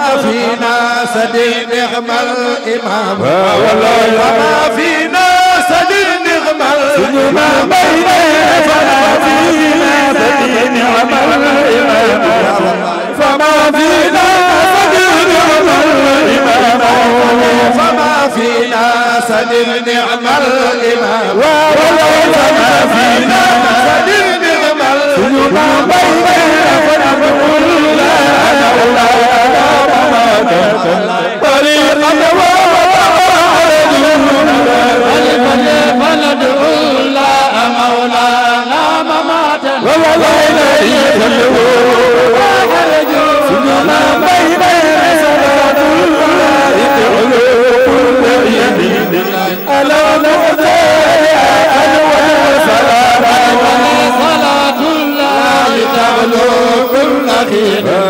وما فينا سدي نعم الإمام وما فينا سدي نعم الإمام فما فينا سدي نعم الإمام فما فينا سدي نعم الإمام فما فينا سدي نعم الإمام فما فينا moo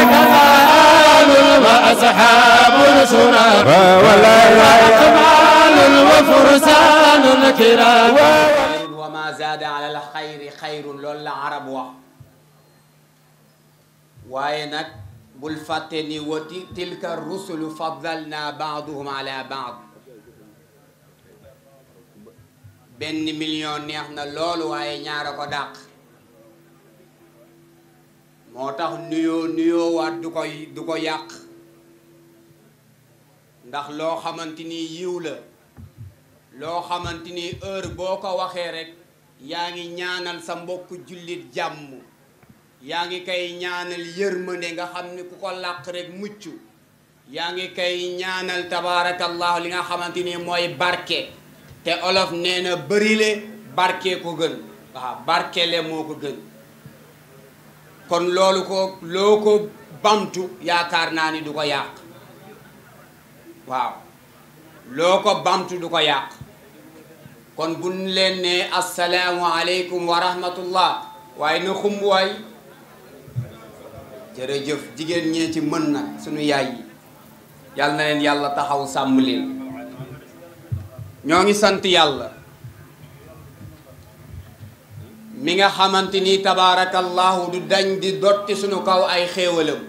أصحاب السنن أكمال وفرسان كرام وما زاد على الخير خير loolu la arab wax waaye nag bul fàtte ni wati tilka rusulu faddalna baaduhum ala baad benn million neex na loolu waaye ñaara ko dàq moo tax nuyoo nuyoo waat du koy du ko yàq ndax loo xamante ni yiw la loo xamante ni heure boo ko waxee rek yaa ngi ñaanal sa mbokk jullit jàmm yaa ngi koy ñaanal yërmande nga xam ni ku ko làq rek mucc yaa ngi koy ñaanal tabaarakallahu li nga xamante ni mooy barke te olof nee na bërile barke ko gën waaw barke le moo ko gën kon loolu ko loo ko bamtu yaakaar naa ni du ko yàq waaw loo ko bant du ko yàq kon bu ñu leen ne asalaamu aleykum wa waaye na xumb waay jërëjëf jigéen ñee ci mën na sunu yaay yi yal na leen yàlla taxaw sàmm leen ñoo ngi sant yàlla mi nga xamante ni tabaarakallahu du dañ di dotti sunu kaw ay xéewalam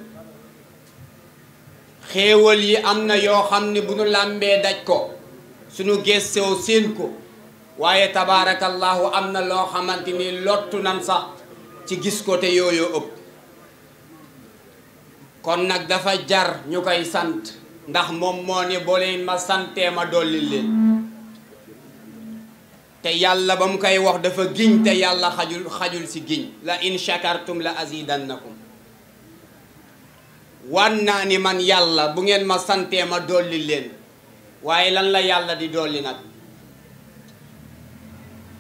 xéewal yi am na yoo xam ne bu nu làmbee daj ko suñu gëstoo seen ko waaye tabaarakallaahu am na loo xamante ni lottu nan sax ci gis ko te yooyu ëpp kon nag dafa jar ñu koy sant ndax moom moo ne boo leen ma santee ma dolli leen te yàlla ba mu koy wax dafa giñ te yàlla xajul xajul ci giñ la in shakartum la azidannakum waan naa ni man yàlla bu ngeen ma santee ma dolli leen waaye lan la yàlla di dolli nag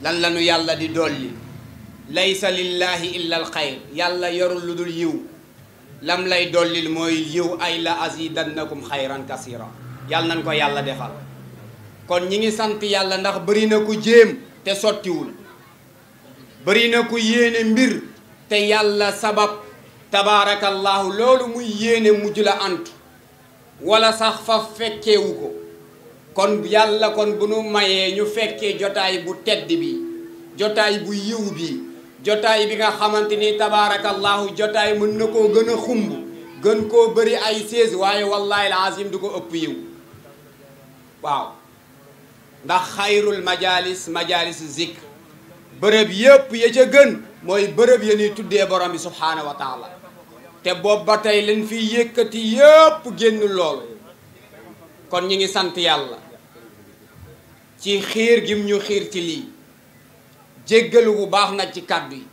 lan la nu yàlla di dolli laysa lillahi illa al yàlla yorul lu dul yiw lam lay dolli mooy yiw ay la azidannakum xayran kasira yàlla nañ ko yàlla defal kon ñi ngi sant yàlla ndax bari na ku jéem te sottiwul bëri na ku yéene mbir te yàlla sabab tabaarakallaahu loolu muy yéene mujj la antu wala sax fa fekkewu ko kon yàlla kon bu nu mayee ñu fekkee jotaay bu tedd bi jotaay bu yiw bi jotaay bi nga xamante ni tabaarakallaahu jotaay mën na koo gën a xumb gën koo bari ay sées waaye wallaahi alazim du ko ëpp yiw waaw ndax xayrul majalis majalis zikr bërëb yépp ya ca gën mooy bërëb ya ñuy tuddee borom bi subhaanahu wa taala te boobu ba tey leen fi yëkkati yépp génn loolu kon ñi ngi sant yàlla ci xiir gim ñu xiir ci lii jéggalu bu baax nag ci kàddu yi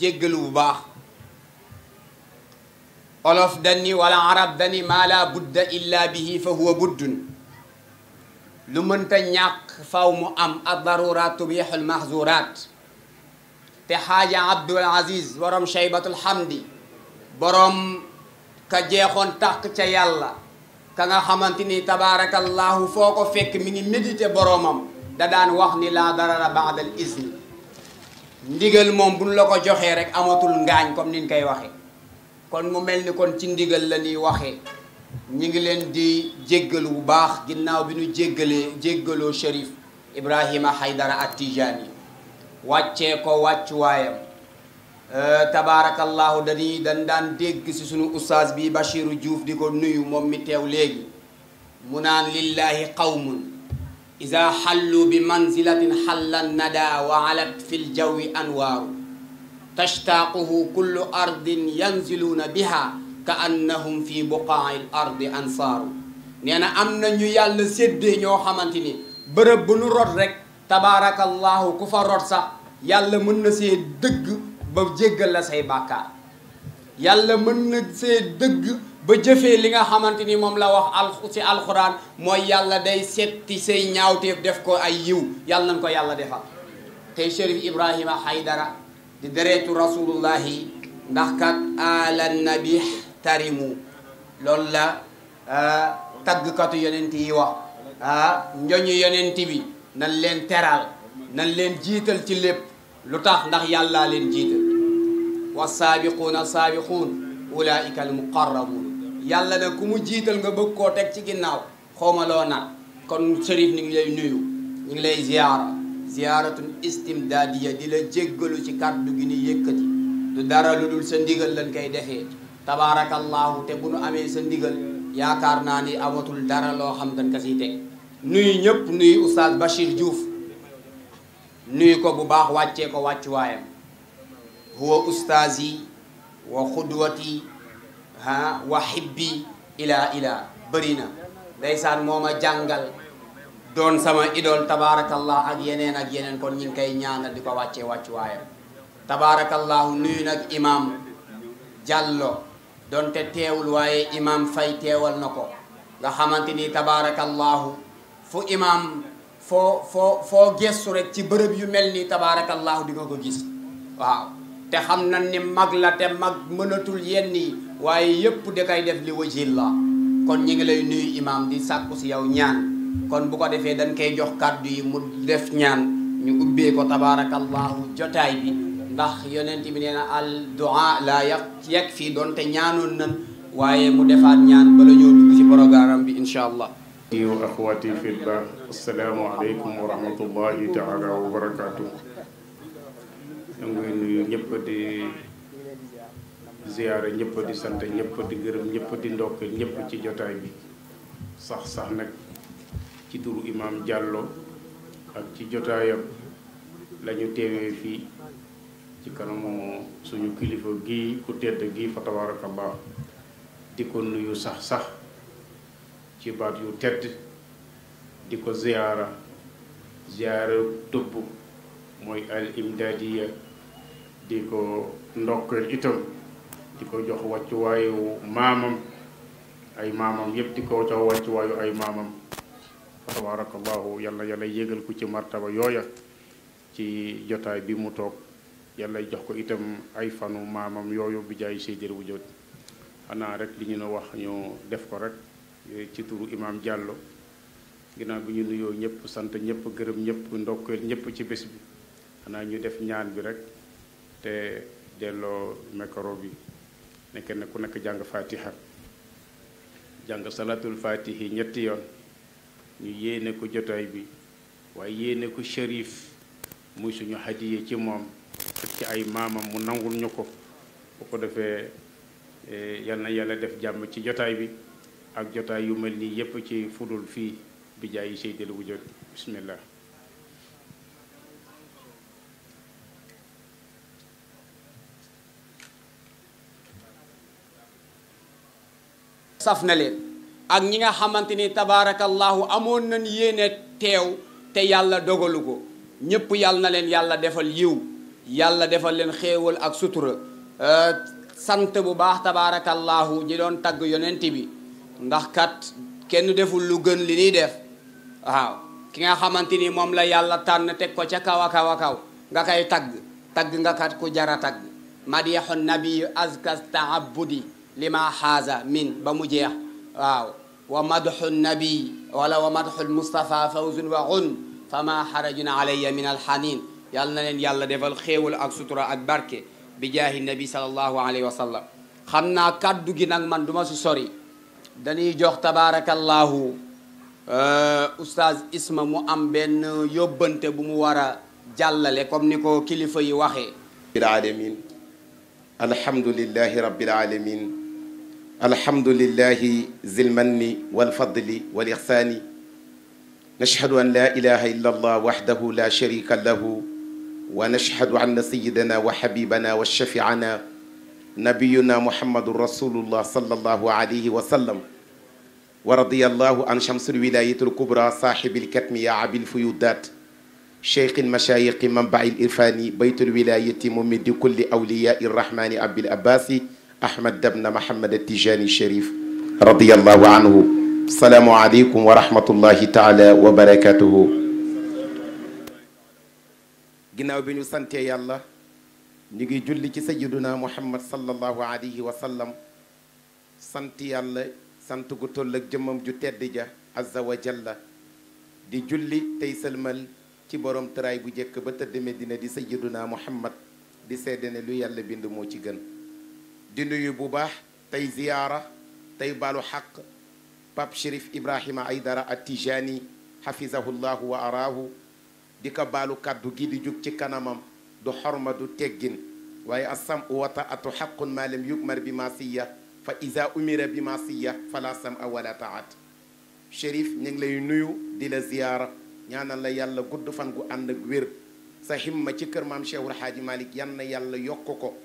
jéggalu bu baax olof dani wala arab dani maa laa budda illa bihi fa huwa buddun lu mënta ñàkk faw mu am ad darurat tubixul mahzurat te xaaja abdul aziz waram shaybatul hamdi boroom ka jeexoon tàq ca yàlla ka nga xamante ni tabaarakallaahu foo ko fekk mi ngi médité boroomam da daan wax ni laa darara baadal ismi ndigal moom buñ la ko joxee rek amatul ngaañ comme niñ koy waxee kon mu mel ni kon ci ndigal la ñuy waxee ñi ngi leen di jéggalu bu baax ginnaaw bi ñu jéggalee jéggaloo Cherif Ibrahima Haydara at Tijaani wàccee ko wàccuwaayam Eh, tabaarakallaahu dañuy dañ daan dégg si sunu ustaas bi Bachiru Diouf di ko nuyu moom mi teew léegi mu naan lillahi qawmun ida xallu bi manzilatin xalla nada wa alat fi ljawi anwaaru tastaaquhu kullu ardin yanziluuna biha ka annahum fi buqaai l ardi ansaaru nee na am na ñu yàlla séddee ñoo xamante ni bërëb bu nu rot rek tabaarakallaahu ku fa rot sax yàlla mën na see dëgg ba jéggal la say bàkkaar yàlla mën na see dëgg ba jëfee li nga xamante ni moom la wax al ci alxuraan mooy yàlla day setti say ñaawteef def ko ay yiw yàlla nañ ko yàlla defal tey Chérif Ibrahima Haydara di dereetu rasulullahi ndax kat ala nabi tarimu loolu la ah, taggkatu yonent yi wax ah njoñu yonent bi nan leen teral nan leen jiital ci lépp lu tax ndax yàllaa leen jiital wa saabiquuna saabiquun ulaika al muqarrabuun yàlla ne ku mu jiital nga bëgg koo teg ci ginnaaw xawma loo nag kon Cherif ñu ngi lay nuyu ñu ngi lay ziyaara ziyaaratun istimdaadiya di la jéggalu ci kàddu gi ni yëkkati du dara lu dul sa ndigal lañ koy defee tabaarakallaahu te bu nu amee sa ndigal yaakaar naa ni amatul dara loo xam dañ ko siy teg nuyu ñëpp nuyu oustaz Bachir Diouf nuyu ko bu baax wàccee ko wàccuwaayam huwa ustaazi wa xudwati ha wa xibbi ila ila bëri na ndeysaan moo ma jàngal doon sama idol tabaarakallah ak yeneen ak yeneen kon ñu ngi koy ñaanal di ko wàccee wàccuwaayam tabaarakallahu nuyu nag imam Diallo donte teewul waaye imam Faye teewal na ko nga xamante ni tabaarakallahu fu imam foo foo foo gestu rek ci bërëb yu mel nii tabaarakallahu di nga ko gis te xam nan ni mag la te mag mënatul yenn waaye yëpp da kay def li wajil la kon ñu ngi lay nuyu imaam di sàkku si yow ñaan kon bu ko defee dañ koy jox kàddu yi mu def ñaan ñu ubbee ko tabaarakallahu jotaay bi ndax yonent bi nee na al du'a la yag fii doonte ñaanoon nan waaye mu defaat ñaan bala ñoo dugg si programme bi incha allah wa axwati fillah assalaamu aleykum wa ñoo nuyu ñëpp di ziyaara ñëpp di sant ñëpp di gërëm ñëpp di ndokk ñëpp ci jotaay bi sax sax nag ci turu imaam jàlloo ak ci jotaayam lañu teewee fii ci kanamu suñu kilifa gi ku tedd gi fa baax di ko nuyu sax sax ci baat yu tedd di ko ziyaara ziyaara tëbb mooy al imdadiya di ko ndokkeel itam di ko jox wàccuwaayu maamam ay maamam yëpp di ko jox wàccuwaayu ay maamam fa tabarakallahu yàlla yégal ku ci martaba yooya ci jotaay bi mu toog yàlla jox ko itam ay fanu maamam yooyu bi jaay séydér bu jot xanaa rek li ñu ne wax ñu def ko rek eh, ci turu imaam Diallo ginnaaw bi ñu nuyoo ñëpp sant ñëpp gërëm ñëpp ndokkeel ñëpp ci bés bi xanaa ñu def ñaan bi rek te delloo micro bi nekk na ku nekk jàng fatiha jàng salatul fatihi ñetti yoon ñu yéene ko jotaay bi waaye yéene ko shérif muy suñu hadiye ci moom ak ci ay maamam mu nangul ñu ko bu ko defee e, yal na yàlla def jàmm ci jotaay bi ak jotaay yu mel nii yépp ci fudul fii bi jaay yi seydil wujud bismillah saf na leen ak ñi nga xamante ni tabaarakallahu amoon nañ yéene teew te yàlla dogalu ko ñëpp yàlla na leen yàlla defal yiw yàlla defal leen xéewal ak sutura euh, sant bu baax tabaarakallahu ñi doon tagg yonent bi ndax kat kenn deful lu gën li ni def waaw ki nga xamante ni moom la yàlla tànn teg ko ca kaw a kaw a kaw nga koy tagg tagg nga kat ku jara tagg madixu nabiyu azkas taabudi lima xaaza min ba mu jeex waaw wa madxu nabi wala wa madxu lmustapha fawzun wa xun fama xarajun alayya min alxanin yàlla na leen yàlla defal xéewal ak sutura ak barke bi jaahi nabi salallahu alayhi wa naa kàddu gi nag man du ma si dañuy jox tabarakallahu euh, oustaz isma mu am benn yóbbante bu mu war a jàllale comme ni ko kilifa yi waxee alamin alhamdulillahi zilmanni walfadli walixsaani nashhadu an laa ilaha illa allah waxdahu la sharika lahu wa nashhadu anna sayidana wa xabibana wa shafiana nabiyuna muhammadu rasulullah sallallahu alayhi wa sallam wa radiyallahu an chamsul wilayatul kubra saaxibil katmi ya abil fuyudaat cheikh almashayiqi manbai lirfani baytul wilayati mumidi kulli awliyai irrahmani abil abbasi ahmad dabna mahamad atijani sharif radiallahu anhu asalaamu aleykum wa rahmatullahi taala wa barakatuhu ginnaaw bi ñu santee yàlla ñu ngi julli ci sayiduna muhammad sallallahu alayhi wa sallam sant yàlla sant gu toll ak jëmmam ju tedd ja azza wa jalla di julli tey sëlmal ci borom tëraay bu njëkk ba tëdd medina di sayiduna muhammad di seede ne lu yàlla bind moo ci gën di nuyu bu baax tey ziyaara tey baalu xaq Pape Chérif Ibrahima Aydara At-Tijani xafizahullahu wa araahu di ka baalu kàddu gi di jug ci kanamam du xorma du teggin waaye asam u wata atu xaqun maa lam yugmar bi maasiya fa iza umira bi maasiya fala sam a wala taat Chérif ñu ngi lay nuyu di la ziyaara ñaanal la yàlla gudd fan gu ànd ak wér sa himma ci kër maam Cheikhul Haaji Malick yan na yàlla yokk ko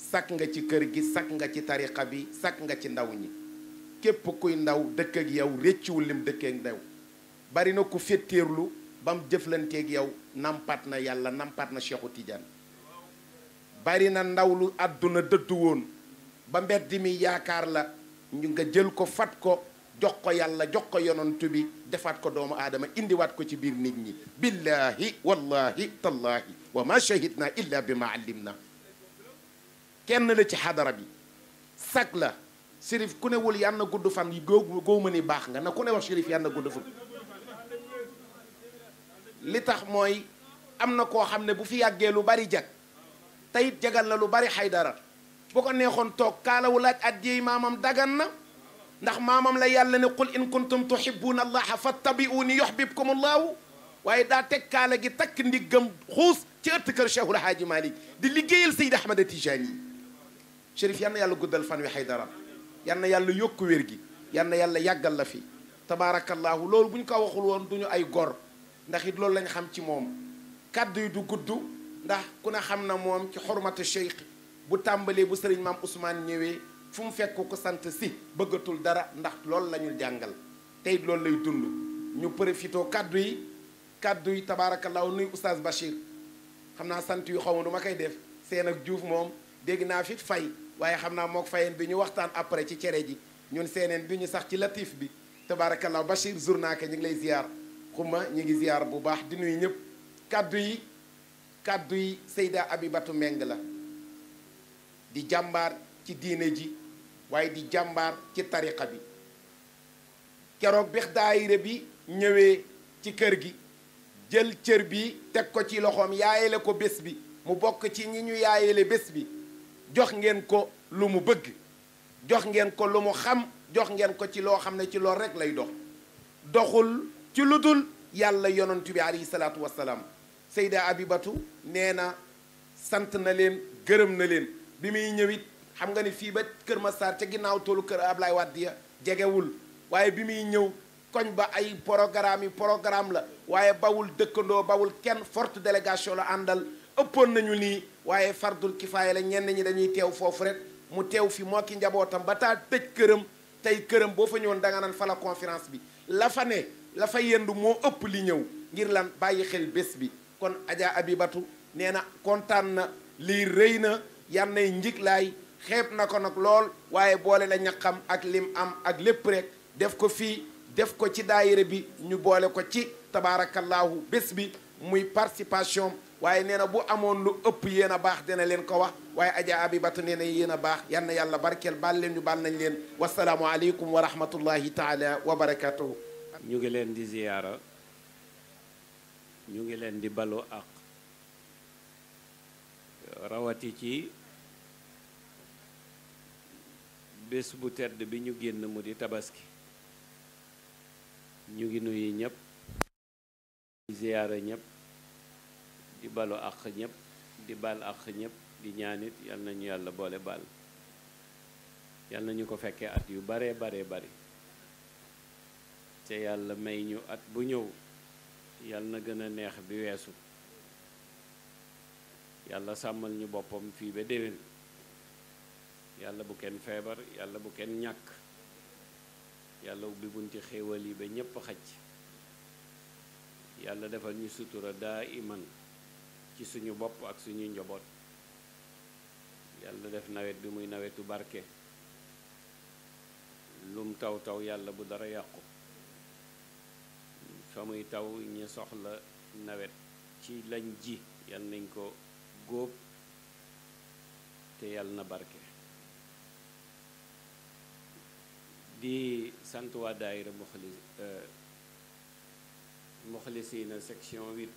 sakk nga ci kër gi sakk nga ci tariqa bi sakk nga ci ndaw ñi képp kuy ndaw dëkk ak yow réccuwul lim dëkkeek ndaw bari na ku féttéerlu ba mu jëflanteeg yow nampat na yàlla nampat na Cheikhu tiijan bari na ndaw lu àdduna dëddu woon ba mbedd mi yaakaar la ñu nga jël ko fat ko jox ko yàlla jox ko yonantu bi defaat ko doomu aadama indiwaat ko ci biir nit ñi billaahi wallaahi tallaahi wa ma shahidna illa bi ma allimna kenn la ci xadara bi sag la sérif ku newul yàlla na gudd fan yi goo goo ma ni baax nga na ku ne wax sérif yàlla na gudd fan li tax mooy am na koo xam ne bu fi yàggee lu bari jag teyit jagal la lu bari xaydara bu ko neexoon toog kaalawu laaj addiyey maamam dagan na ndax maamam la yàlla ne qul in kuntum tuhibbuna allaha fattabi'uni yuhbibkum allahu waaye daa teg kaala gi takk ndiggam xuus ci ëtt kër cheikhul haaji malik di liggéeyal seyd ahmad tijaani Chérif yal yàlla guddal fan wi Haydara yal na yàlla yokk wér gi yal yàlla yàggal la fi tabaarakallaahu loolu bu ñu ko waxul woon du ñu ay gor ndax it loolu lañu xam ci moom kàddu yi du gudd ndax ku ne xam na moom ci xormatu cheikh bu tàmbalee bu sëriñ maam Ousmane ñëwee fu mu fekk ko sant si bëggatul dara ndax loolu la ñu jàngal tey loolu lay dund ñu profité kàddu yi kàddu yi tabaarakallaahu nuy oustaz Bachir xam naa sant yu xaw ma du ma koy def seen ak Diouf moom dégg naa fi fay waaye xam naa mook fayeen bi ñu waxtaan après ci cere ji ñun seeneen bi ñu sax ci latif bi tabaarakallaa Bachir Journaake ñu ngi lay ziar xuma ñu ngi ziar bu baax di nuyu ñëpp kàddu yi kàddu yi Seyda Abibatu Meng la di jàmbaar ci diine ji waaye di jàmbaar ci tariqa bi keroog bi daayira bi ñëwee ci kër gi jël cër bi teg ko ci loxoom yaayale ko bés bi mu bokk ci ñi ñu yaayale bés bi jox ngeen ko lu mu bëgg jox ngeen ko lu mu xam jox ngeen ko ci loo xam ne ci lool rek lay dox doxul ci lu dul yàlla yonantu bi alayhi salaatu salaam Seyda Abibatu nee na sant na leen gërëm na leen bi muy ñëwit xam nga ni fii ba Kër Massar ca ginnaaw toolu kër lay Wade ya jegewul waaye bi muy ñëw koñ ba ay programme yi programme la waaye bawul dëkkandoo bawul kenn fort délégation la àndal ëppoon nañu lii waaye fardul kifaaya la ñenn ñi dañuy teew foofu rek mu teew fi moo ki njabootam ba taa tëj këram tey këram boo fa ñëwoon danga naan fa la conférence bi la fa ne la fa moo ëpp li ñëw ngir lan bàyyi xel bés bi kon Adja Abibatu nee na kontaan na lii rëy na yan nay njiglaay xeeb na ko nag lool waaye boole la ñaqam ak lim am ak lépp rek def ko fii def ko ci daayira bi ñu boole ko ci tabaarakallaahu bés bi muy participation waaye nee bu amoon lu ëpp yéen a baax dina leen ko wax waaye aja abibatu nee na yéen a baax yal yàlla barkeel baal leen ñu baal nañ leen wasalaamu aleykum wa rahmatullahi taala wa barakatuhu ñu ngi leen di ziyaara ñu ngi leen di balu ak rawati ci bés bu bi ñu génn mu di tabaski ñu ngi nuyu ñëpp di ziyaara ñëpp di balu àq ñépp di bal àq ñëpp di ñaanit yal nañu yàlla boole bal yal nañu ko fekkee at yu baree bare bari te yàlla may ñu at bu ñëw yal na gën a neex bi weesu yàlla sàmmal ñu boppam fii ba dewén yàlla bu kenn feebar yàlla bu kenn ñàkk yàlla ubbi bunti xéewal yi ba ñépp xaj yàlla defal ñu sutura daa iman ci suñu bopp ak suñuy njaboot yàlla def nawet bi muy nawetu barke lum taw taw yàlla bu dara yàqu fa muy taw ñu soxla nawet ci lañ ji yàlla nañ ko góob te yàlla na barke di sant waa daayira moxlis euh, moxlisina section 8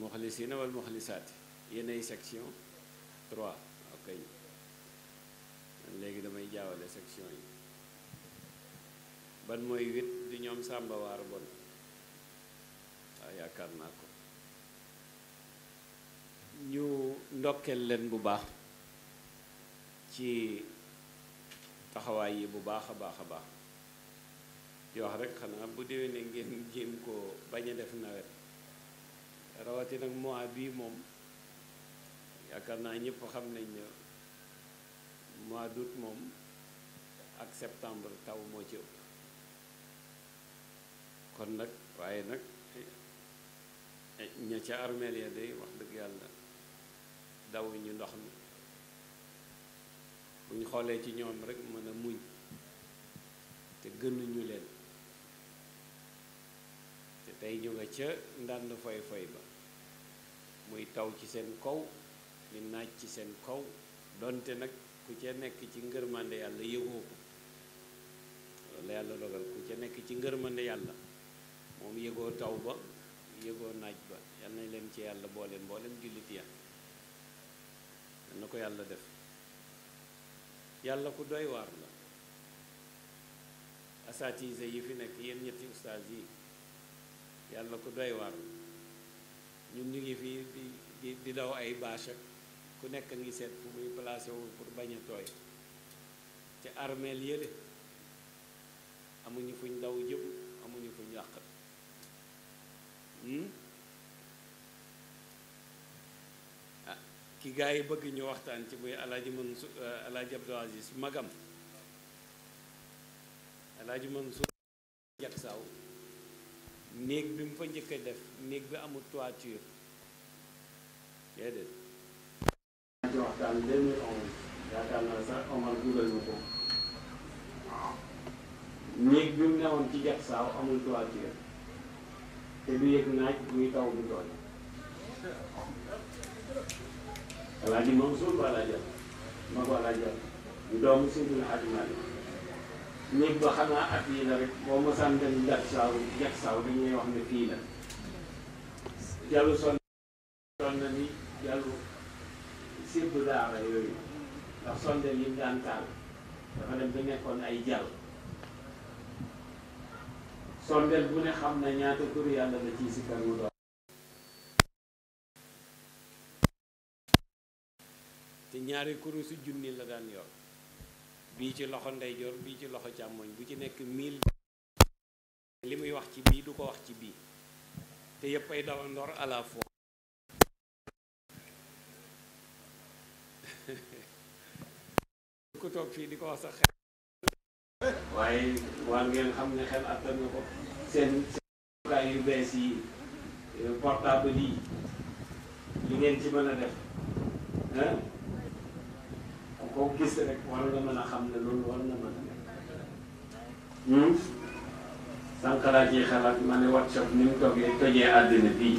muxlisina wal muxlisaati yenay section 3 waaw kay léegi damay jaawale section yi ban mooy wit di ñoom Sàmba Waar Bon waaw ah, yaakaar naa ko ñu ndokkeel leen bu baax ci taxawaay yi bu baax a baax a baax di wax rek xanaa bu déwénee ngeen jéem ko bañ a def nawet rawati nag mois bii moom yaakaar naa ñëpp xam nañ ne mois dut moom ak septembre taw moo ci ëpp kon nag waaye nag eh, ña ca armeel ya day wax dëgg yàlla dawuñu ndox mi buñ xoolee ci ñoom rek mën a muñ te gënuñu leen day ñu ca ndànd foy foy ba muy taw ci seen kaw di naaj ci seen kaw donte nag ku ca nekk ci ngërmande yàlla yëgoo ko loolu yàlla dogal ku ca nekk ci ngërmande yàlla moom yëgoo taw ba yëgoo naaj ba yal nañ leen ci yàlla boole mboolem jullit ya yal na ko yàlla def yàlla ku doy waar la asatise yi fi nekk yéen ñetti ustaas yi yàlla ku doy waar ñun ñu ngi fii di di daw ay bâche ku nekk ngi seet fu muy placé wu pour bañ tooy te armeel yële amuñu fuñ daw jëm amuñu fuñ làqat hmm? ah ki gaa yi bëgg ñu waxtaan ci muy alaaji Mansour eh, alaaji magam alaaji Mansour jak saaw néeg bi mu fa njëkk def néeg bi amul toiture déedéet ci waxtaan 2011 yaakaar naa néeg bi mu newoon ci jax saaw amul toiture te du yëg naaj muy taw bu doon alaaji moom suul ba alaaji ma ko alaaji doomu suñu àdduna bi néeg ba xanaa at yi la rek boo mosaan dem jag saaw jag saaw dañuy wax ne fii la jàllu son son na ni jàllu sirbu daara yooyu ndax sonde yi daan taal dafa dem ba nekkoon ay jàll sondeel bu ne xam na ñaata tur yàlla la ciy sikkar mu doon te ñaari kuréel su junni la daan yor bii ci loxo ndeyjoor bii ci loxo càmmoñ bu ci nekk mille li muy wax ci bii du ko wax ci bii te yépp ay dawandoor à la fois ku fii di ko wax waaye waa ngeen xam ne xel attan ko seen seen yu bees yi eh, portable yi li ngeen ci mën a def eh? koo gis rek war nga mën a xam ne loolu war na mën a nekk ñun hmm? sànq laa ciy xalaat ma WhatsApp ni mu toggee tojee àddina bii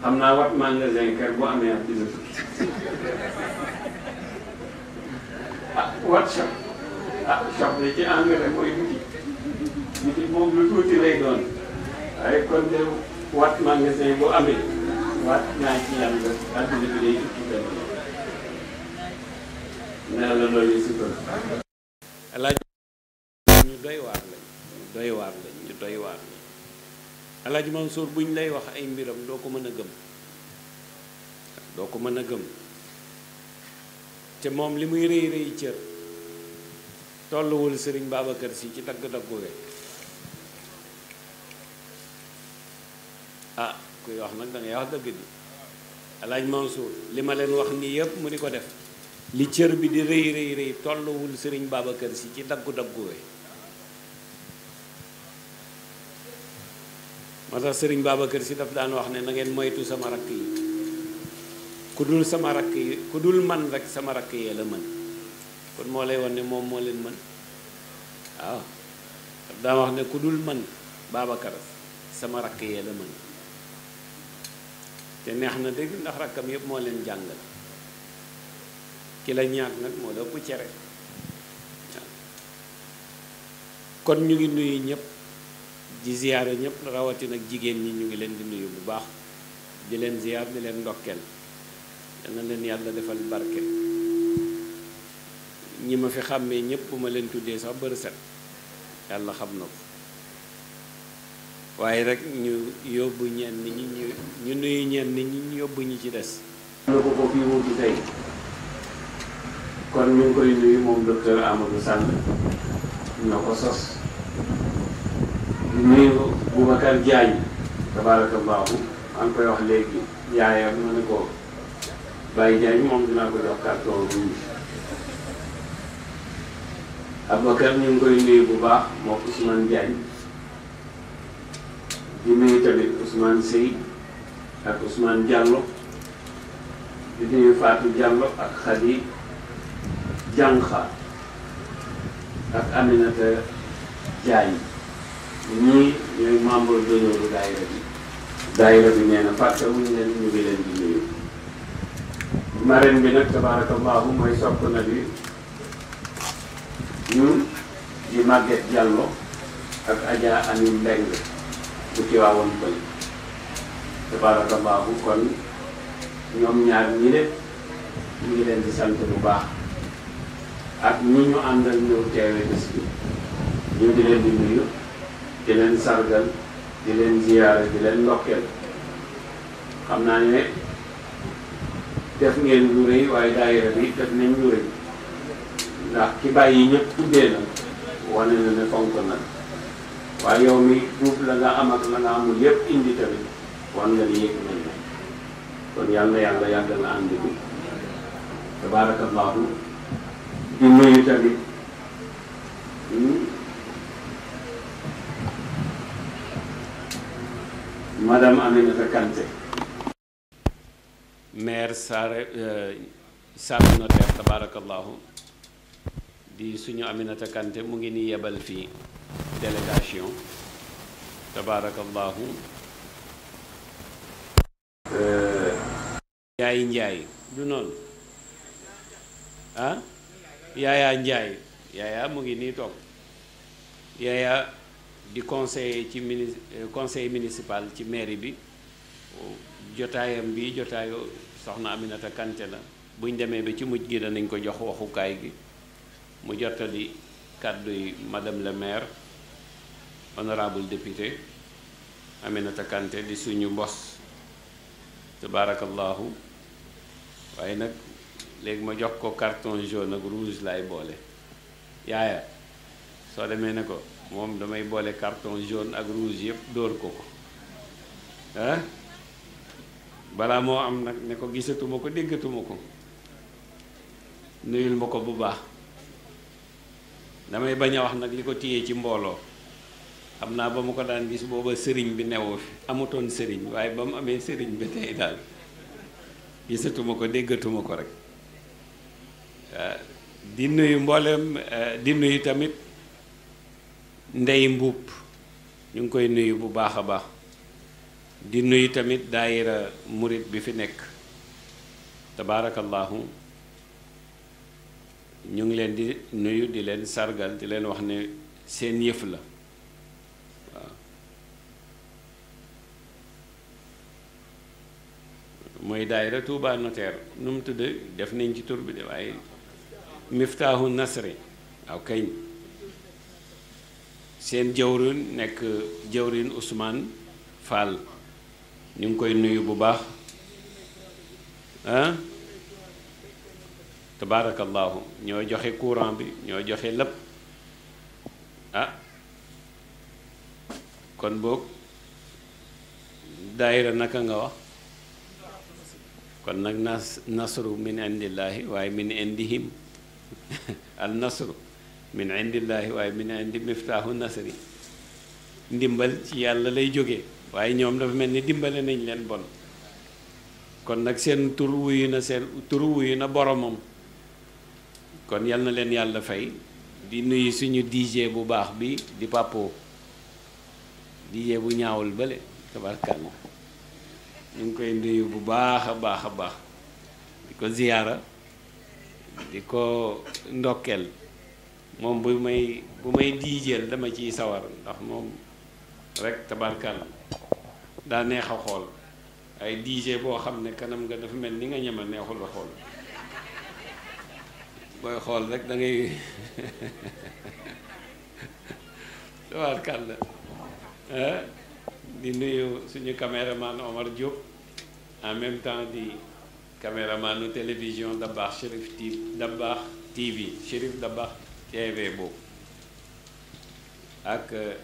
xam naa wat magasin kër bu amee àddina ah WhatsApp ah shop li ci engrais mooy outil outil moom lu tuuti lay doon waaye kon de wat magasin bu amee wat naa ci yàlla àddina bi day tukki yàlla loolu sutura alaaji ñu doy buñ lay wax ay mbiram doo ko mën a gëm doo ko mën a gëm te moom li muy rëy rëy cër tolluwul sëriñ Babacar si ci dagg daggu rek ah kuy wax nag da ngay wax dëgg bi alaaj Mansour li ma leen wax nii yépp mu di ko def li cër bi di rëy rëy rëy tolluwul sëriñ Babacar si ci daggu daggu we moo tax sëriñ Babacar si daf daan wax ne na ngeen moytu sama rakk yi ku dul sama rakk yi ku dul man rek sama rakk yee la mën kon moo lay won ne moom moo leen mën waaw daf daan wax ne ku dul man Babacar sama rakk yee la mën te neex na dëgg ndax rakkam yépp moo leen jàngal ki la ñaan nag moo la ëpp cere kon ñu ngi nuyu ñépp di ziyaare ñëpp rawatina ak jigéen ñi ñu ngi leen di nuyu bu baax di leen ziyaar di leen ndokkeel yal leen yàlla defal barke ñi ma fi xàmmee ñëpp ma leen tuddee sax bër set yàlla xam na ko waaye rek ñu yóbbu ñenn ñi ñu ñu nuyu ñenn ñi ñu yóbbu ñi ci des. kon ñu ngi koy nuyu moom docteur Amadou Sall ñoo ko sos di nuyu Boubacar Diagne tabaarakallaahu maa ngi koy wax léegi yaayam ma ne ko Baye Diagne moom dinaa ko jox carton rouge Aboubacar ñu ngi koy nuyu bu baax moom Ousmane Diagne di nuyu tamit Ousmane Sey ak Ousmane Diallo di nuyu Fatou Diallo ak Khady. jànqa ak Aminata Diagne ñii ñooy membre d'honneur daayira bi daayira bi nee na fàttewuñu leen ñu ngi leen di nuyu marraine bi nag tabaarakallaahu mooy sopp na bi ñun di Maguette Diallo ak Adja Ami Mbeng bu ci waawoon koy tabaarakallaahu kon ñoom ñaar ñi lépp ñu ngi leen di sant bu baax ak ñi ñu àndal ñëw teewe bés bi ñu di leen di nuyu di leen sargal di leen ziyaare di leen ndokkeel xam naa ne def ngeen lu rëy waaye daayira bi def nañ lu ndax ki bàyyi ñëpp tuddee na wane na ne fonk na waaye yow mi duub la nga am ak la nga amul yëpp indi tamit wan nga ni yëg nañ kon yàlla yàlla yàggal na ànd bi tabaarakallahu di nuyu tamit madame Aminata Kanté maire Saare euh, Saalum Notaire di suñu Aminata Kanté mu ngi ni yebal fii délégation tabaarakallaahu euh, njaay njaay du noonu ah Yaya Ndiaye Yaya mu ngi nii toog Yaya di conseiller ci mini euh, conseil municipal ci mairie bi jotaayam bi jotaayu soxna Aminata Kanté la buñ demee ba ci mujj gi danañ ko jox waxukaay gi mu jottali kàddu yi madame le maire honorable député Aminata Kanté di suñu mbos tabaarakallahu waaye nag léegi ma jox ko carton jaune ak rouge lay boole yaaya soo demee ne ko moom damay boole carton jaune ak rouge yëpp dóor ko ko balaa moo am nag ne ko gisatuma ko déggatuma ko nuyul ko bu baax damay bañ a wax nag li ko téye ci mbooloo xam naa ba mu ko daan gis booba sëriñ bi newoo fi amutoon sëriñ waaye ba mu amee sëriñ bi tey daal gisatuma ko déggatuma ko rek Euh, di nuyu mboolem euh, di nuyu tamit ndey mbuub ñu ngi koy nuyu bu baax a baax di nuyu tamit daayira murit bi fi nekk tabaarakallaahu ñu ngi leen di nuyu di leen sargal di leen wax ne seen yëf la waaw mooy daayira Touba noteer nu mu tudd def nañ ci tur waaye miftaahu nasri waaw kañ seen jëwrin nekk jëwrin Ousmane Fall ñu ngi koy nuyu bu baax ah tabaarakallaahu ñoo joxe courant bi ñoo joxe lépp ah kon boog daayira naka nga wax kon nag nas nasru min indillaahi waaye min indihim al nasru min indillaahi waaye min indi miftaahu nasri ndimbal ci yàlla lay jóge waaye ñoom dafa mel ni dimbale nañ leen bon kon nag seen tur wuyu na seen tur wuyu na boromam kon yal na leen yàlla fay di nuyu suñu DJ bu baax bi di Papo DJ bu ñaawul bale tabarkàlla ñu ngi koy nuyu bu baax a baax a baax di ko ziyaara di ko ndokkeel moom bu may bu may diijeel dama ciy sawar ndax moom rek tabarkal daa neex a xool ay diije boo xam ne kanam nga dafa mel ni nga ñema neexul a xool booy xool rek da ngay tabarkal eh? di nuyu suñu caméraman Omar Diop en même temps di caméramanu télévision Dabakh Chérif TV baax TV Chérif Dabakh TV boobu ak euh,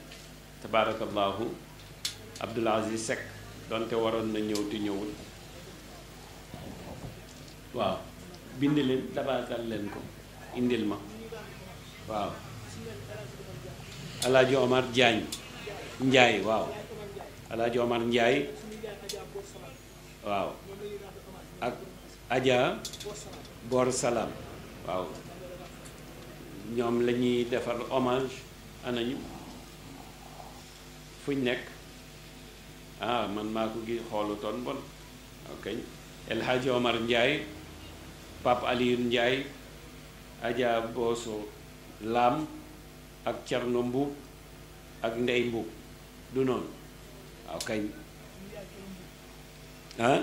tabarakallahu Abdoul Aziz Seck donte waroon na ñëw te ñëwul waaw bind leen tabaatal leen ko indil ma waaw Alaaji Omar Diagne Ndiaye waaw Alaaji Omar Ndiaye waaw ak Adja Bor Salam waaw ñoom la ñuy defar hommage anañu fuñ nekk ah man maa ko gi xoolutoon bon ok El Hadj Omar Ndiaye Pape Alioune Ndiaye Booso Lam ak Thierno Mbuub ak Ndey Mbuub du noonu waaw kañ ah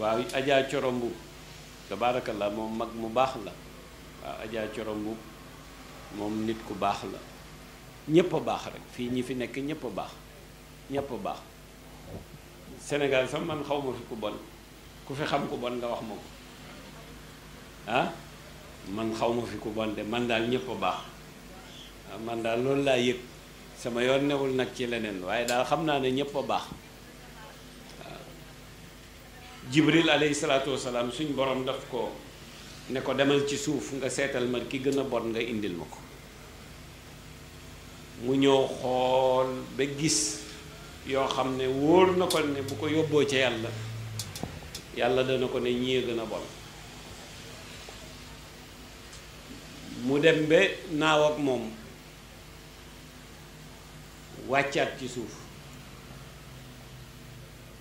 waaw Adja Coro Mbuub tabaarakallaa moom mag mu baax la waaw Adja Coro moom nit ku baax la ñépp a baax rek fii ñi fi nekk ñépp a baax ñépp a baax Sénégal sax man xaw ma fi ku bon ku fi xam ku bon nga wax ma ko ah man xaw ma fi ku bon de man daal ñépp a baax ah, man daal loolu laa yëg sama yoon newul nag ci leneen waaye daal xam naa ne ñépp a baax jibril alayhi salaatu wasalaam suñ borom daf ko ne ko demal ci suuf nga seetal ma ki gën a bon nga indil ma ko mu ñëw xool ba gis yoo xam ne wóor na ko ne bu ko yóbboo ca yàlla yàlla dana ko ne ñii gën a bon mu dem ba naaw moom wàccaat ci suuf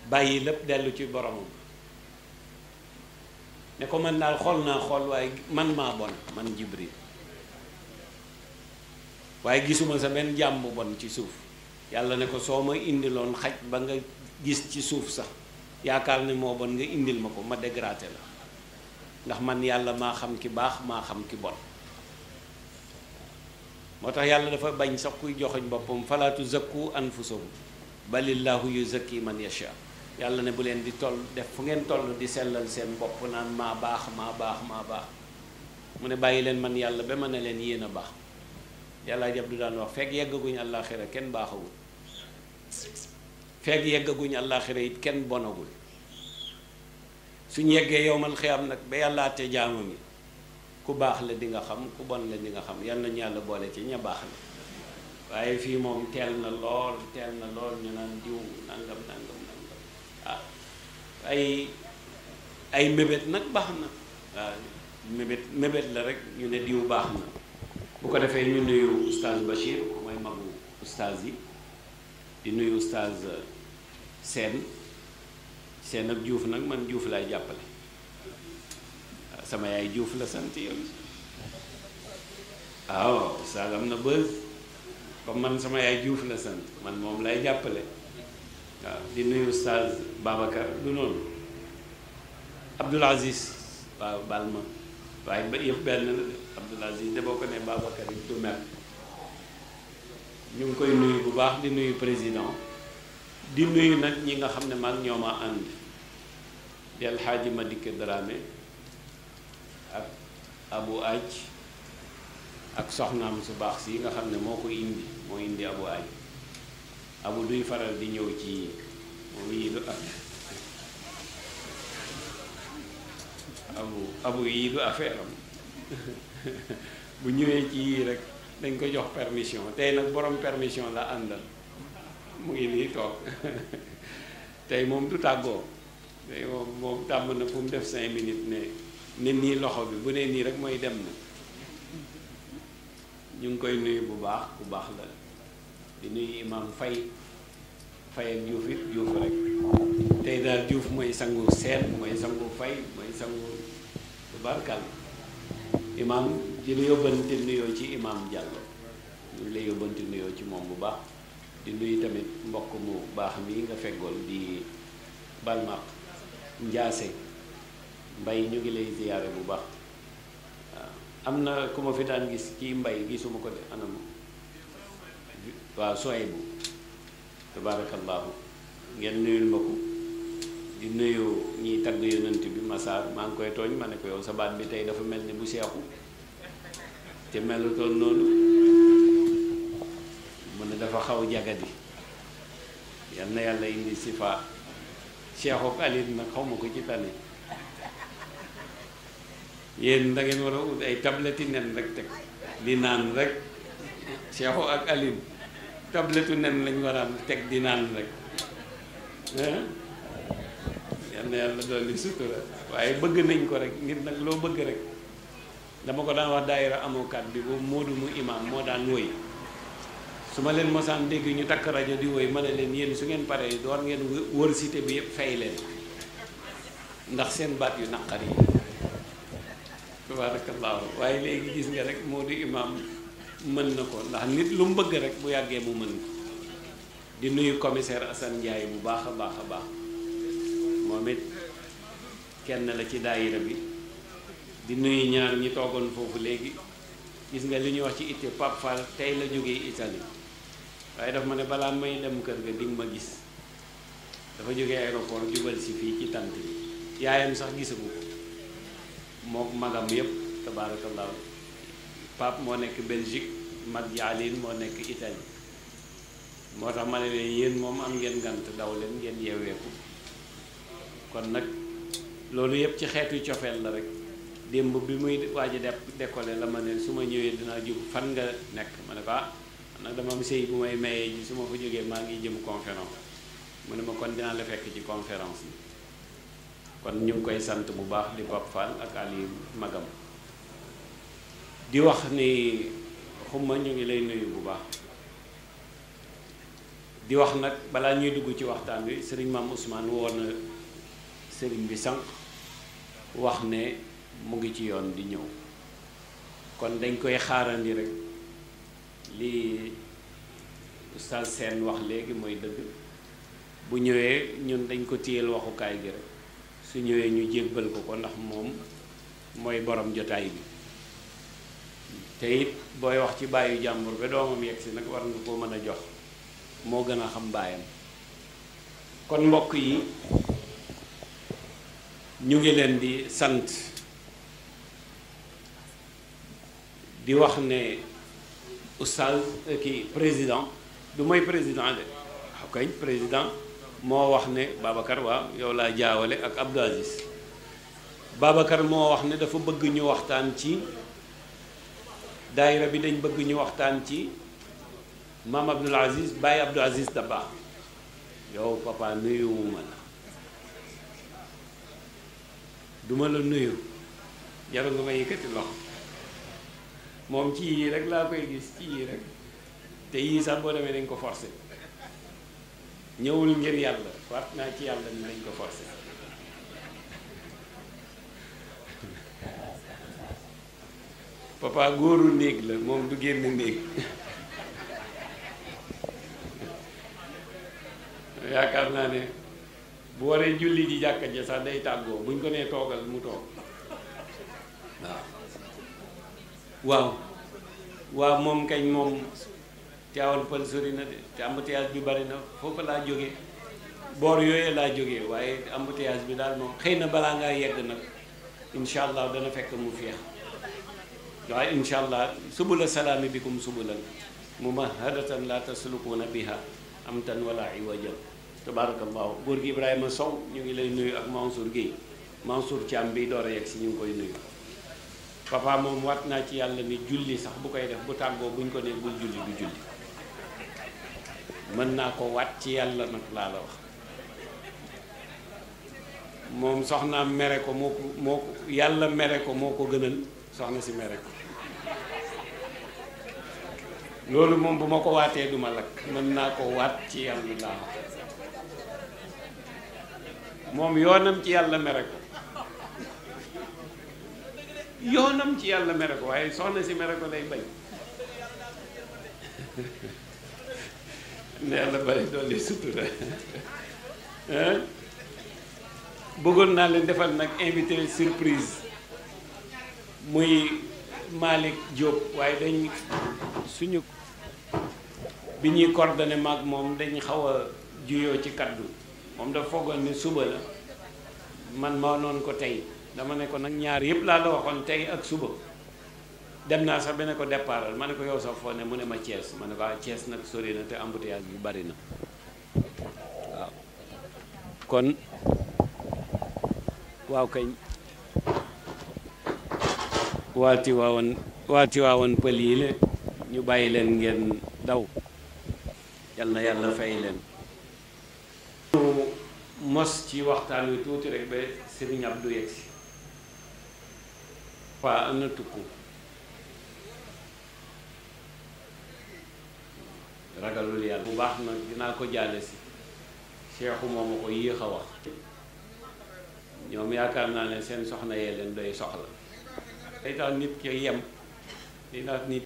bàyyi lépp dellu ci boromam ne ko man daal xool naa xool waaye man maa bon man jibril waaye gisuma sa benn jaam bon ci suuf yàlla ne ko soo ma indiloon xaj ba nga gis ci suuf sax yaakaar ne moo bon nga indil ma ko ma degraate la ndax man yàlla maa xam ki baax maa xam ki bon moo tax yàlla dafa bañ sax kuy joxoñ boppam falaatu zakku anfusakum balillahu yuzakki man yasha yàlla ne bu leen di toll def fu ngeen toll di sellal seen bopp naan maa baax maa baax maa baax mu ne bàyyi leen man yàlla ba man ne leen yéen a baax yàlla jab du daan wax fekk yeggaguñ àllaaxira kenn baaxagul fekk yeggaguñ àllaaxira it kenn bonagul su suñ yeggee yowmal xiyaam nag ba yàllaate jaamu yi ku baax la dinga xam ku bon la di nga xam yal nañu yàlla boole ci ña baax la waaye fii moom teel na lool teel na lool ñu naan diw nangam nangam waaw ay ay mébét nag baax na waaw mébét mébét la rek ñu ne diw baax na bu ko defee ñu nuyu oustaz Bachir mooy magu oustaz yi di nuyu oustaz seen euh, seen ak juuf nag man juuf laay jàppale sama yaay juuf la sant yoon waaw oustaz am na bës comme man sama yaay juuf la sant man moom lay jàppale waaw di nuyu Oustaz Babacar du noonu Abdoul Aziz waaw baal ma waaye ba yëpp benn la de Abdoul Aziz de boo ko nee Babacar yi du mel ñu ngi koy nuyu bu baax di nuyu président di nuyu nag ñi nga xam ne mag ñoo ma ànd di alxaaji Madické Dramé ak Abu Aj ak soxnaam su baax si yi nga xam ne moo ko indi moo indi Abu Aj abu duy faral di ñëw ci yii du affaire abu abu yii du affaire bu ñëwee ci yii rek dañ ko jox permission tey nag borom permission la àndal mu ngi nii toog tey moom du tàggoo tey moom moom tàmm na fu mu def cinq minutes ne ne nii loxo bi bu ne nii rek mooy dem na ñu ngi koy nuyu bu baax bu baax la di nuyu imam fay fayam juuf it juuf rek tey daal juuf mooy sangu seen mooy sangu fay mooy sangu barkal imam di la yóbbante nuyoo ci imam Diallo ñu lay yóbbante nuyoo ci moom bu baax di nuyu tamit mbokk mu baax mi nga feggool di balmaq njaase mbay ñu ngi lay ziyaare bu baax waaw am na ku ma fi daan gis ci mbay gisuma ko de anam waaw Sohaybu tabaarakallaahu ngeen nuyul ma ko di nuyu ñiy tagg yonent bi Massar maa ngi koy tooñ ma ne ko yow sa baat bi tey dafa mel ni bu seexu te melutoon noonu mu ne dafa xaw jagadi yal na yàlla indi sifa seexu ak nag xaw ma ko ci tane yéen da ngeen war a ut ay tabletti nen rek teg li naan rek seexu ak alim tabletu nen lañ war a teg di naan rek yal na yàlla dolli sutura waaye bëgg nañ ko rek nit nag loo bëgg rek dama ko daan wax daayira amokat bi boobu moodu mu imaam moo daan woy su ma leen mosaan dégg ñu takk rajo di woy ma ne leen yéen su ngeen paree door ngeen wër cité bi yëpp fay leen ndax seen baat yu naqar yi tabaarakallaahu waaye léegi gis nga rek moodu imaam mën na ko ndax nit lu mu bëgg rek bu yàggee mu mën ko di nuyu commissaire Assane Ndiaye bu baax a baax a baax moom it kenn la ci daayira bi di nuyu ñaar ñi toogoon foofu léegi gis nga li ñuy wax ci itte Pape Fall tey la jógee Italie waaye daf ma ne balaa may dem kër ga dinga ma gis dafa jóge aéroport jubal si fii ci tant bi yaayam sax gisagu ko mook magam yépp tabaarakallaahu Pape moo nekk Belgique Mat Yaaline moo nekk Italie moo tax ma ne leen yéen moom am ngeen ngant daw leen ngeen yeeweeku kon nag loolu yëpp ci xeetu cofeel la rek démb bi muy waaj a décoller la ma ne su ma ñëwee dinaa jóg fan nga nekk ma ne ko ah nag dama am sëy bu may mayee ji su ma fa jógee maa ngi jëm conférence mu ne ma kon dinaa la fekk ci conférence bi kon ñu ngi koy sant bu baax di Pape fan ak Aliou Magam di wax ni xumma ñu ngi lay nuyu bu baax di wax nag balaa ñuy dugg ci waxtaan wi sëriñ maam Ousmane woo na sëriñ bi sànq wax ne mu ngi ci yoon di ñëw kon dañ koy xaarandi rek lii sa seen wax léegi mooy dëgg bu ñëwee ñun dañ ko téyel waxukaay gi rek su ñëwee ñu jébbal ko ko ndax moom mooy borom jotaay bi te it booy wax ci bàyyi jàmbur ba doomam yegg si nag war nga koo mën a jox moo gën a xam baayam kon mbokk yi ñu ngi leen di sant di wax ne oustaz euh, ki président du mooy président de waaw ah, président moo wax ne Babacar waa yow laa jaawale ak Abdou Aziz Babacar moo wax ne dafa bëgg ñu waxtaan ci daayira bi dañ bëgg ñu waxtaan ci maam Abdoul Aziz Baye Abdoul Aziz Dabakh yow papa nuyuwuma la duma la nuyu jarul nga ma yëkkati loxo moom ci yii rek laa koy gis ci yii rek te yii sax boo demee dañ ko forcé ñëwul ngir yàlla waat naa ci yàlla ni dañ ko forcé papa góoru néeg la moom du génn néeg yaakaar naa ne bu waree julli ji jàkka ja sax day tàggoo buñ ko nee toogal mu toog waaw waaw waaw moom kañ moom Tivaouane Peulh sori na de te embouteillage bi bari na foofu laa jógee boor yooyu laa jógee waaye embouteillage bi daal moom xëy na balaa ngaa yegg nag incha allah dana fekk mu feex waaye incha allah subula salaami bikum subulan mumahadatan la taslukuuna biha amtan wala iwajan tabarakallahu góor gi Ibrahima Sow ñu ngi lay nuyu ak Mansour Guèye Mansour Thiam bi door a yegg si ñu ngi koy nuyu papa moom wat naa ci yàlla ni julli sax bu koy def bu tàggoo buñ ko ne bul julli du julli mën naa ko wat ci yàlla nag laa la wax moom soxnaam mere ko moo ko moo ko yàlla mere ko moo ko gënal soxna si mere ko loolu moom bu ma ko waatee duma ma mën naa ko waat ci yàlla laa moom yoonam ci yàlla mere ko yoonam ci yàlla mere ko waaye soxna si mere ko lay bañ ne yàlla bari dolli sutura bëggoon naa leen defal nag invité surprise muy Malick Diop waaye dañ suñu bi ñuy coordonné maag moom dañ xaw a ci kaddu moom dafa foogoon ni suba la man ma noonu ko tey dama ne ko nag ñaar yëpp laa la waxoon tey ak suba dem naa sax ba ko départal ma ne ko yow sax foo ne mu ne ma Thiès ma ne ko ah Thiès nag sori na te embouteillage bi bari na waaw kon waaw kañ waati waawoon waati waawoon pël yi la ñu bàyyi leen ngeen daw yal na yàlla fay leen mos ci waxtaan wi tuuti rek ba Serigne Abdou yegsi waa am na tukku ragalul yàlla bu baax nag dinaa ko jàlle si seexu moom a ko yéex a wax ñoom yaakaar naa ne seen soxna yee leen doy soxla day tax nit ki yem day nit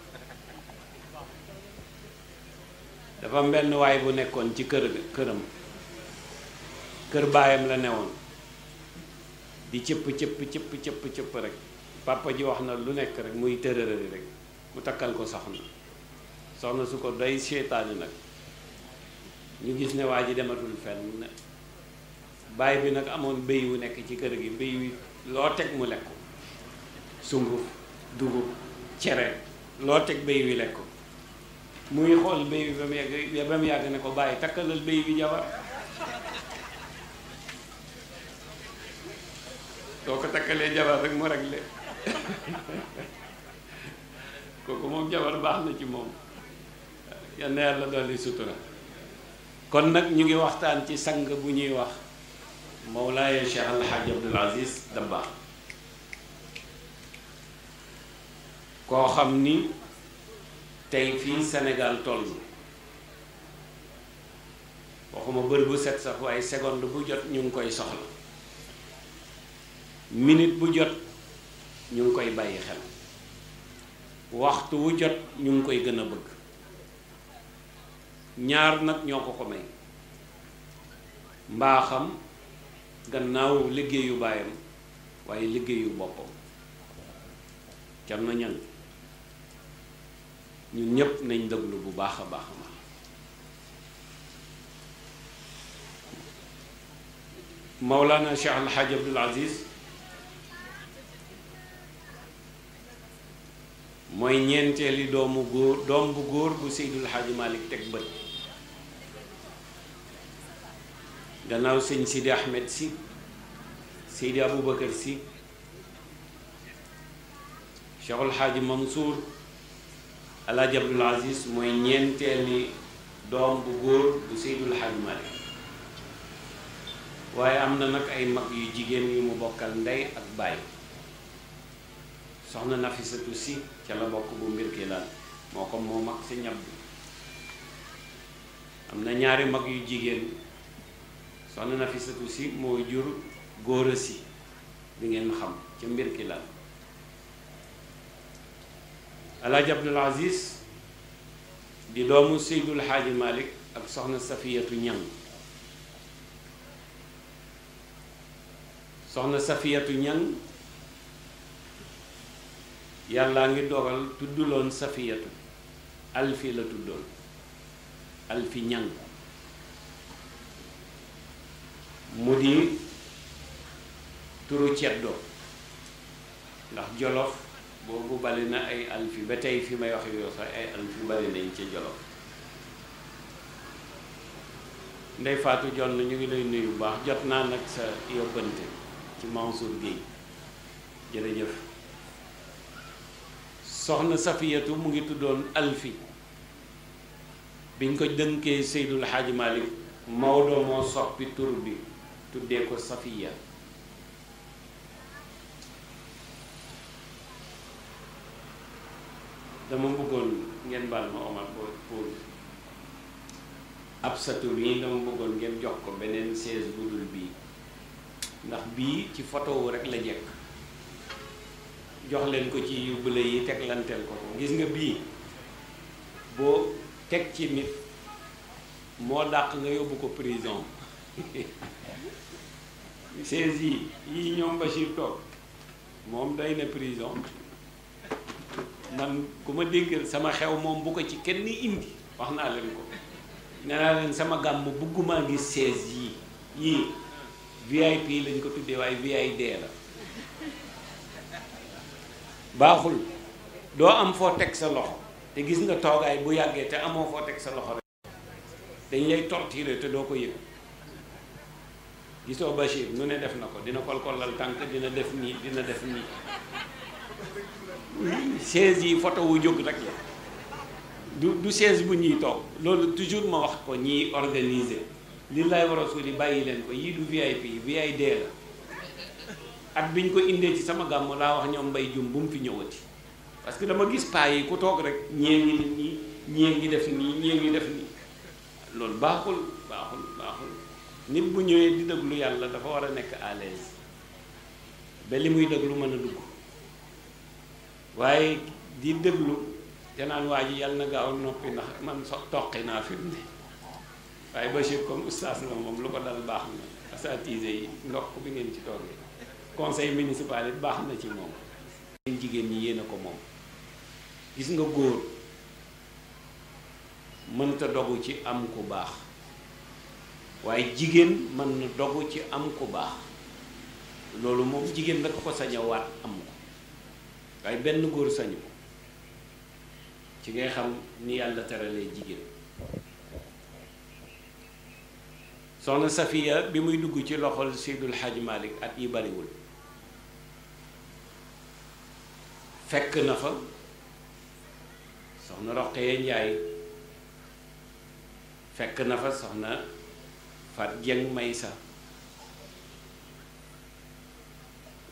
dafa am benn waay bu nekkoon ci kër këram kër baayam la ne woon di cëpp cëpp cëpp cëpp rek papa ji wax na lu nekk rek muy tërërëri rek mu takkal ko soxna soxna su ko doy seetaani nag ñu gis ne waa ji dematul fenn baay bi nag amoon béy wu nekk ci kër gi béy wi loo teg mu lekk ko sunguf dugub cere loo teg béy wi lekk muy xool béy bi ba mu yàgg ba mu yàgg ne ko bàyyi takkalal béy bi jabar soo ko takkalee jabar rek mu réglé kooku moom jabar baax na ci moom yal na yàlla dolli sutura kon nag ñu ngi waxtaan ci sang bu ñuy wax Mawlaaye Cheikh Al Hadj Abdoul Aziz Dabakh koo xam ni tey fii Sénégal toll waxuma bër bu set sax waaye seconde bu jot ñu ngi koy soxla minute bu jot ñu ngi koy bàyyi xel waxtu wu jot ñu ngi koy gën a bëgg ñaar nag ñoo ko ko may mbaaxam gannaaw liggéeyu baayam waaye liggéeyu boppam cam na ñan ñun ñépp nañ déglu bu baax a baax a baax Mawlana Cheikh Al Hadj Aziz mooy ñeenteeli doomu góor doom bu góor bu Seydul Hadj Malick teg bët gannaaw sëñ Sidi Ahmed si Seydi Aboubacar si Cheikh Al Hadj Mansour Alaaji Abdul Aziz mooy ñeenteeli doom bu góor bu Seydul Hajji Maalik waaye am na nag ay mag yu jigéen yu mu bokkal ndey ak baay soxna Nafisatu Si ca la bokk bu mbir ki moo ko moo mag sa ñab am na ñaari mag yu jigéen soxna Nafisatu Si moo jur góor a ngeen xam ca mbir ki alaaji abdul aziz di doomu seydul xaaji malik ak soxna safiyatu ñang soxna safiyatu ñang yàlla ngi dogal tudduloon safiyatu alfi la tuddoon alfi ñang mu di turu ceddo ndax jolof boobu bari na ay alfi ba tey fi may wax yooyu sax ay alfi bari nañ ci jolo Ndey Faatu Jonn ñu ngi lay nuyu bu baax jot naa nag sa yóbbante ci Mansour Guèye jërëjëf soxna Safiyatu mu ngi tuddoon alfi biñ ko dënkee Seydul Xaaji Malik Maodo moo soppi tur bi tuddee ko Safiya dama bëggoon ngeen baal ma Omar pour pour ab satu bi dama bëggoon ngeen jox ko beneen chaise bu dul bii ndax bii ci photo wu la jekk jox leen ko ci yu yi teg lanteel ko ko gis nga bii boo teg ci nit moo dàq nga yóbbu ko prison chaise yi yi ñoom Bachir moom day na prison man ku ma déggal sama xew moom bu ko ci kenn indi wax naa leen ko nee naa leen sama gàmm buggumaa ngi seize yii yii VIP lañ ko tuddee waaye VID la baaxul doo am foo teg sa loxo te gis nga toogaay bu yàggee te amoo foo teg sa loxo rek dañ lay torturer te doo ko yëg gisoo Bachir nu ne def na ko dina kolkolal tànk dina def nii dina def nii chaise yi photo wu jóg rek la du du chaise bu ñuy toog loolu toujours ma wax ko ñii organiser li lay war a suuli bàyyi leen ko yii du VIP VID la at biñ ko indee ci sama gàmm laa wax ñoom mbay jum bu mu fi ñëwati parce que dama gis paa yi ku toog rek ñii ngi nit ñi ngi def nii ñee ngi def nii loolu baaxul baaxul baaxul nit bu ñëwee di déglu yàlla dafa war a nekk à l'aise ba li muy lu mën a dugg waaye di déglu danaan waa ji yàlla na gaaw noppi ndax man so toqi naa fi mu ne waaye Bachir comme oustaz la moom lu ko dal baax na asatise yi ndokk bi ngeen ci toogee conseil municipal it baax na ci moom jigéen ñi yéen ko moom gis nga góor mënta doggu ci am ku baax waaye jigéen mën na dogu ci am ku baax loolu moom jigéen da ko sañ a am waaye benn góor sañu ko ci ngay xam ni yàlla teralee jigéen soxna Safiya bi muy dugg ci loxol Seydul Xaj Malik at yi bariwul fekk na fa soxna Roqaya Njaay fekk na fa soxna Fat Jeng Maysa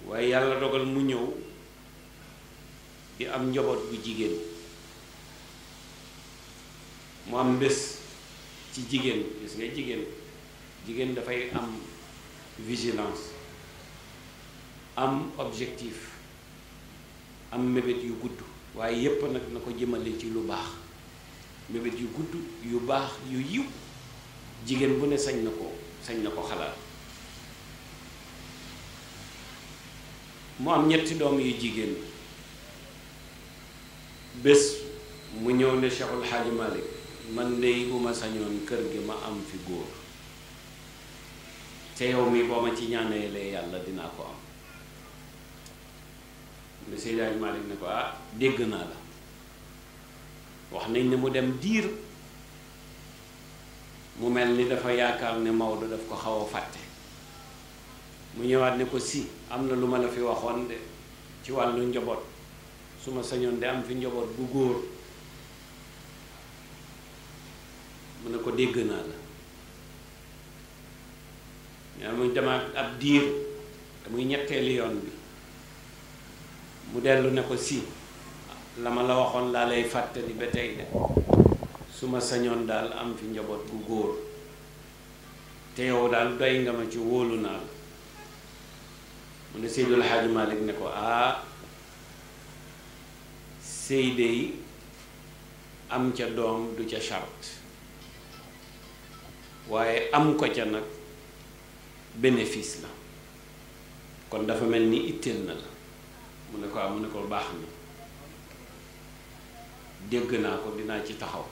waaye yàlla dogal mu ñëw di am njaboot bu jigéen mu am bés ci jigéen gis nga jigéen jigéen dafay am vigilance am objectif am mébét yu gudd waaye yépp nag na ko jëmale ci lu baax mébét yu gudd yu baax yu yiw jigéen bu ne sañ na ko sañ na ko xalaat mu am ñetti doom yu jigéen bés mu ñëw ne Cheikhul Xaaji Malik man dey bu sañoon kër gi ma am fi góor te yow mi boo ma ci ñaanalee yàlla dinaa ko am le Seydi Xaaji ne ko ah dégg naa la wax nañ ne mu dem diir mu mel ni dafa yaakaar ne Maodo daf ko xaw a fàtte mu ñëwaat ne ko si am na lu ma la fi waxoon de ci wàllu njaboot suma sañoon de am fi njaboot bu góor mu ne ko dégg naa la ñaa muy demaat ab diir te muy ñetteelu bi mu dellu ne ko si la ma la waxoon laa lay fàttali ba tey de su sañoon daal am fi njaboot bu góor te yow daal doy nga ma ci wóolu naa la mu ne Seydul Xaaji Malik ne ko ah CID yi am ca doom du ca charte waaye am ko ca nag bénéfice la kon dafa mel ni itteel na la mu ne ko am ah, mu ne ko baax na dégg naa ko dinaa ci taxaw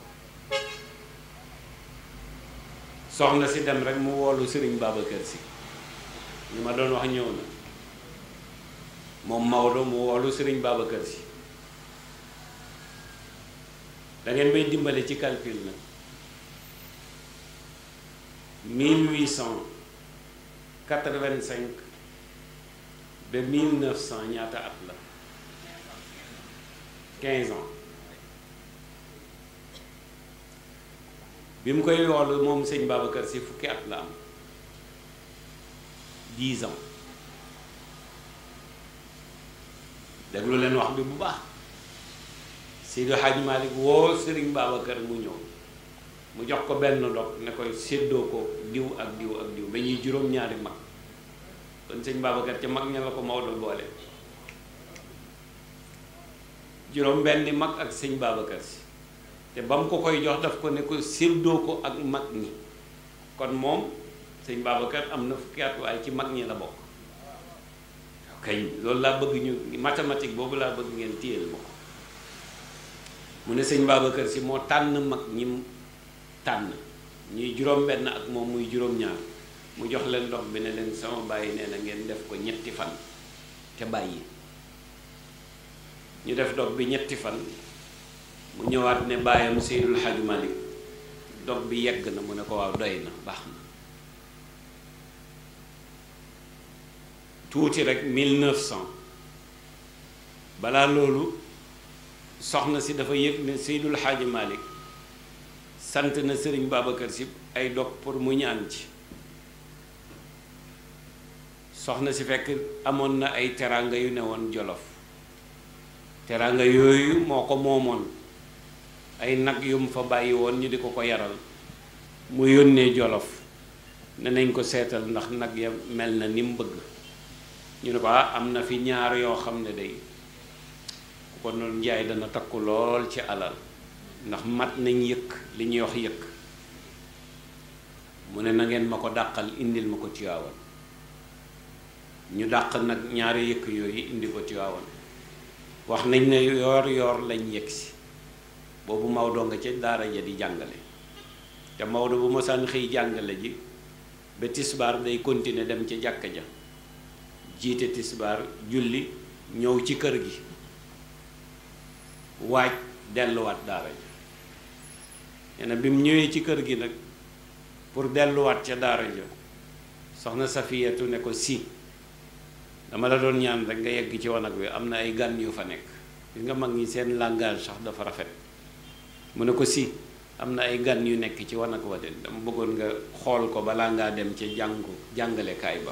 soxna si dem rek mu woolu Serigne Babacar si li ma doon wax ñëw na moom Maodo mu woolu Serigne Babacar si da ngeen may dimbale ci calcul la mille huit cent quatre-vingt-cinq ba mille neuf cent ñaata at la quinze ans bi mu koy woolu moom sëñ Babacar si fukki at la am dix ans lu leen wax bi bu baax Seydi Hadji Malick woo Serigne Babacar mu ñëw mu jox ko benn ndog ne koy séddoo ko diw ak diw ak diw ba ñuy juróom-ñaari mag kon sëñ Babacar mag ña ko Maodo boole juróom-benni te ba ko koy jox daf ko ne ko séddoo ak mag moom sëñ Babacar am na ci mag ñi la bokk kay loolu laa bëgg ñu mathématique boobu laa bëgg ngeen téyel ma ko mu ne sëñ Babacar si moo tànn mag ñi tànn ñuy juróom-benn ak moom muy juróom-ñaar mu jox leen ndox bi ne leen sama bàyyi nee na ngeen def ko ñetti fan te bàyyi ñu def dog bi ñetti fan mu ñëwaat ne bàyyam Seydul Hadj Malick dog bi yegg na mu ne ko waaw doy na baax na tuuti rek 1900 balaa loolu. soxna si dafa yëg ne Seydul Xaaji Malik sant na sëriñ Babacar si ay dog pour mu ñaan ci soxna si fekk amoon na ay teraanga yu ne woon Jolof teraanga yooyu moo ko moomoon ay nag yum fa bàyyi woon ñu di ko ko yaral mu yónnee Jolof ne nañ ko seetal ndax nag ya mel na ni mu bëgg ñu ne ko ah, am na fi ñaar yoo xam ne day kon njaay dana takku lool ci alal ndax mat nañ yëkk li ñuy wax yëkk mu ne na ngeen ma ko dàqal indil ma ko Tiwaawan ñu dàq nag ñaari yëkk yooyu indi ko Tiwaawan wax nañ ne yoor yoor lañ yegg si boobu Maodo nga ca daara ja di jàngale te Maodo bu ma mosaan xëy jàngale ji ba tisbaar day continuer dem ca jàkk ja jiite tisbaar julli ñëw ci kër gi waaj delluwaat daara ji nee na bi mu ñëwee ci kër gi nag pour delluwaat ca daara ja soxna safiyatu ne ko si dama la doon ñaan rek nga yegg ci wanag wi am na ay gan yu fa nekk gis nga mag ñi seen langage sax dafa rafet mu ne ko si am na ay gan yu nekk ci wanag wa de dama bëggoon nga xool ko balaa ngaa dem ca jàngu jàngalekaay ba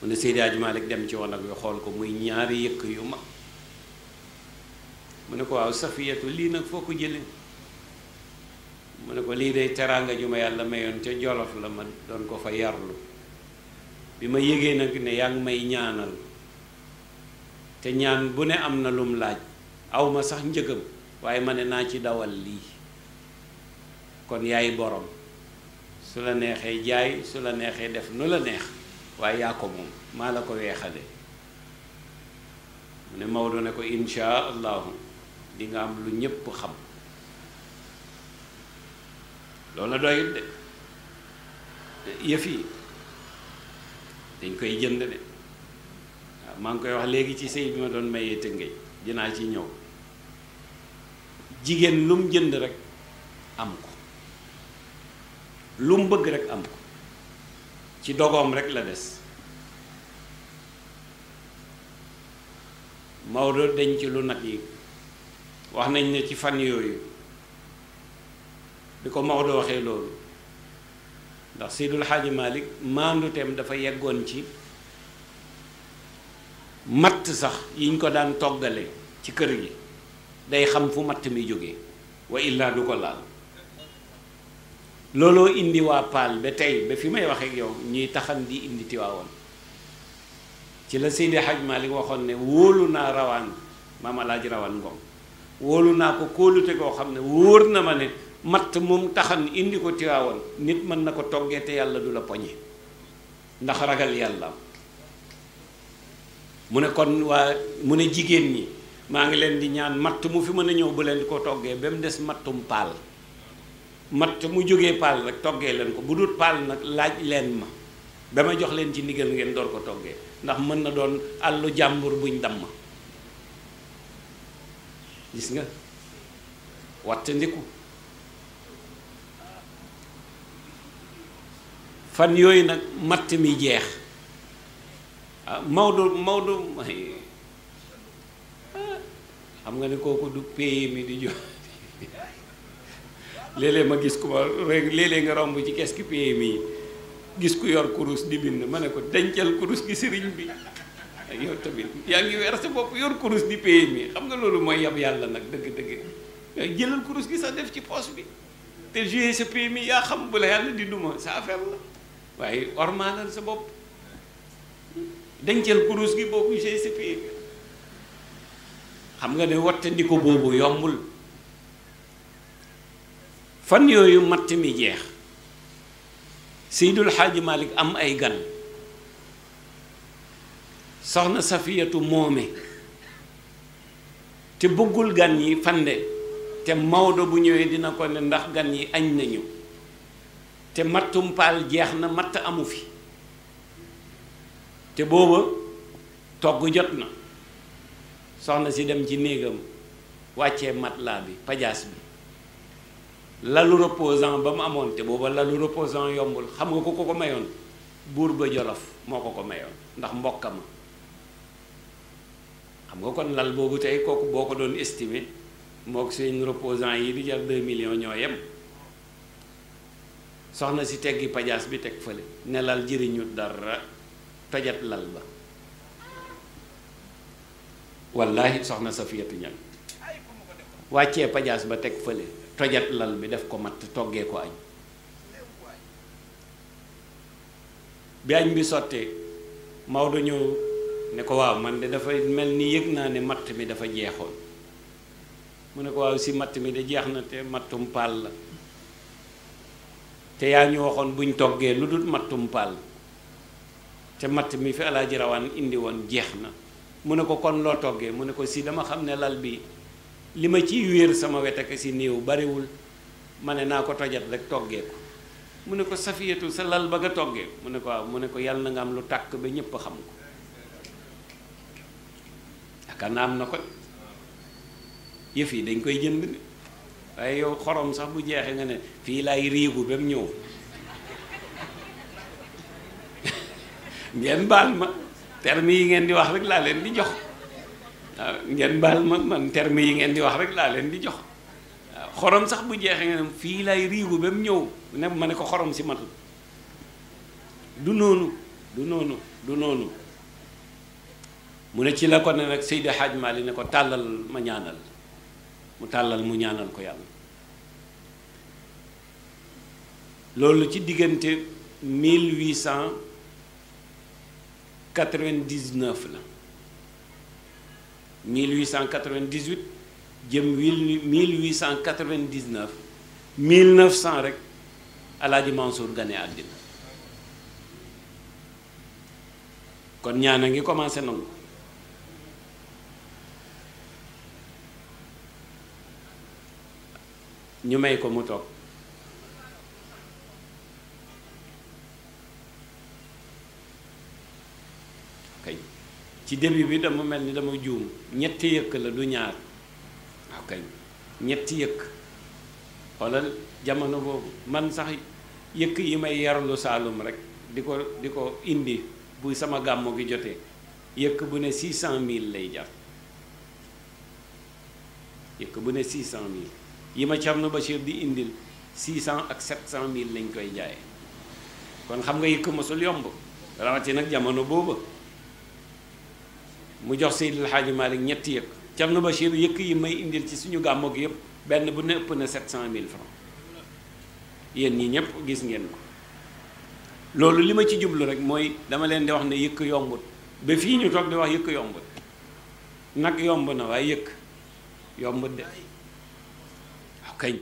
mu ne Seydi Hadji Malick dem ci wanag wi xool ko muy ñaari yëkk yu mag mu ne ko waaw safiyatu lii nag foo ko jële mu ne ko lii day teraanga ju ma yàlla mayoon ca jolof la ma doon ko fa yarlu bi ma yégee nag ne yaa ngi may ñaanal te ñaan bu ne am na lum laaj aw ma sax njëgam waaye ma ne naa ci dawal lii kon yaay boroom su la neexee jaay su la neexee def nu la neex waaye yaa ko moom maa la ko weexale mu ne Maodo ne ko insha dinga am lu ñépp xam loola doyut de yëf yi dañ koy jënd de waaw maa ngi koy wax léegi ci sëy bi ma doon mayee tëngéej dinaa ci ñëw jigéen lum jënd rek am ko lum bëgg rek am ko ci dogoom rekk la des Maodo denc lu nag yi wax nañ ne ci fan yooyu bi ko Maodo waxee loolu ndax Seydul Xaaji Malik maanduteem dafa yeggoon ci matt sax yiñ ko daan toggale ci kër gi day xam fu matt mi jóge wa illaa du ko laal looloo indi waa paal ba tey ba fi may waxeeg ak yow ñuy taxan di indi tiwaawoon ci la Seydi Xaj Malik waxoon ne wóolu naa rawaan maam alaaji rawaan ngoom wóolu naa ko kóolute koo xam ne wóor na ma ne matt moom taxan indi ko tiwaawan nit mën na ko toggee te yàlla du la poñe ndax ragal yàlla mu ne kon waa mu ne jigéen ñi maa ngi leen di ñaan matt mu fi mën a ñëw ba leen ko toggee ba mu des mattum paal matt mu jógee paal rek toggee leen ko bu dul paal nag laaj leen ma ba ma jox leen ci ndigal ngeen door ko toggee ndax mën na doon àllu jàmbur buñ damm gis nga watte fan yooyu nag matt mi jeex ah, Maodo Maodo ah, xam nga ne kooku du paye mi di jox léeg ma gis ku ma léeg nga romb ci kees ki mi gis ku yor kurus di bind ma ne ko dencal kurus gi sëriñ bi yow tamit yaa ngi weer sa bopp yor kurus di paye mi xam nga loolu mooy yab yàlla nag dëgg-dëgg eh, jëlal kurus gi sax def ci poos bi te joué sa paye mi yaa xam bu la yàlla di duma sa affaire la waaye ormaalal sa bopp dencal kurus gi boobu joué sa paye bi xam nga ne wattandi ko boobu yombul fan yooyu matt mi jeex Seydul Xaaji Malik am ay gan soxna safiyatu moome te bëggul gan yi fande te Maodo bu ñëwee dina ko ne ndax gan yi añ nañu te mattum paal jeex na matt amu fi te booba togg jot na soxna si dem ci néegam wàcce matla bi pajaas bi lalu reposant ba mu amoon te booba lalu reposant yombul xam nga ku ko ko mayoon buur ba jolof moo ko ko mayoon ndax mbokka ma xam nga kon lal boobu tey kooku boo ko doon estimé mook seen reposant yi di jar 2 millions ñoo yem soxna si teggi pajaas bi teg fële ne lal jëriñu dara tojat lal ba wallaahi soxna sa fiyatu ñag wàccee pajaas ba teg fële tojat lal bi def ko matt toggee ko añ bi añ bi sottee Maodo ñëw ne ko waaw man de dafa mel ni yëg naa ne matt mi dafa jeexoon mu ne ko waaw si matt mi de jeex na te mattum paal la te yaa ñu waxoon buñ toggee lu dul mattum paal te matt mi fi alaaji rawaan indi woon jeex na mu ne ko kon loo toggee mu ne ko si dama xam ne lal bi li ma ciy wér sama wet ak si néew bariwul ma ne naa ko tojat rek toggee ko mu ne ko safiyatu sa lal ba nga toggee mu ne ko waaw mu ne ko yàlla na nga am lu tàkk ba ñépp xam ko gànna na ko yëf yi dañ koy jënd waaye yow xorom sax bu jeexee nga ne fii laay riigu ba mu ñëw ngeen baal ma termes yi ngeen di wax rek laa leen di jox waaw ngeen baal ma man yi ngeen di wax rek laa leen di jox xorom sax bu jeexee nga ne fii laay riigu ba ñëw ne ma ne ko xorom si matul du noonu du noonu du noonu mu ne ci la ko ne nag Seydi Hadj Mali ne ko tàllal ma ñaanal mu tàllal mu ñaanal ko yàlla loolu ci diggante 1899 la 1898 jëm 1899 1900 rek Alaaji Mansour gane àddina kon ñaan a ngi commencé nangu ñu may ko mu toog kay ci début bi dama mel ni dama juum ñetti yëkk la du ñaar waaw kay ñetti yëkk xoolal jamono boobu man sax yëkk yi may yarlu saalum rekk di ko di ko indi bu sama gàmmu gi jotee yëkk bu ne six cent mille lay jar yëkk bu ne six cent mille yi ma Thierno Bachir di indil 600 ak 700000 lañ koy jaayee kon xam nga yëkk mosul yomb rawati nag jamono boobu mu jox Seydil Hadji Malick ñetti yëkk Thierno Bachir yëkk yi may indil ci suñu gàmmoog yëpp benn bu ne ëpp na 700000 francs yéen ñi ñëpp gis ngeen ko loolu li ma ci jublu rek mooy dama leen di wax ne yëkk yombut ba fii ñu toog di wax yëkk yombut nag yomb na waaye yëkk yombut de. kañ